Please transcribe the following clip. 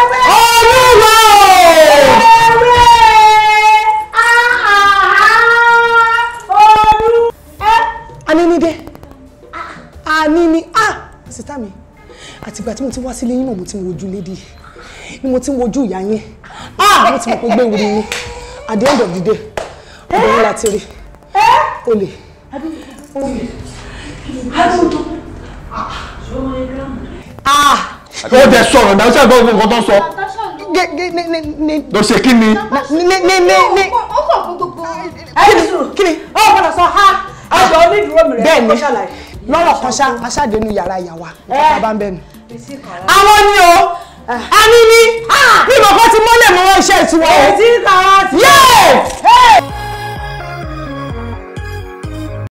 olúwa anini dé anini ah sítá mi àtìgbà tí mo ti wá sílé yín náà mo ti ń wojú lédi ni mo ti ń wojú ìyá yín ah mo ti mọ̀ pé gbé wuri yín at the end of the day ọ̀dọ̀ yín láti rí olè olè. ó dẹ̀ sọ̀rọ̀ náà ó ṣàgbọ́ gbogbo nǹkan tó ń sọ. lọ ṣe kí ni. ó kọ̀ fún gbogbo. kí ni ó gbọ́dọ̀ sọ ha àjọ ah. onídùúró mi rẹ̀ kó ṣàlàyé. lọ́rọ̀ kan ṣá aṣáde nu yàrá ìyàwó àbá ń bẹ́nu. àwọn ni o a ah. ní ní ah. bí mo kọ́ ti mọ́lẹ̀ mọ́ iṣẹ́ ìtura o. èsì kan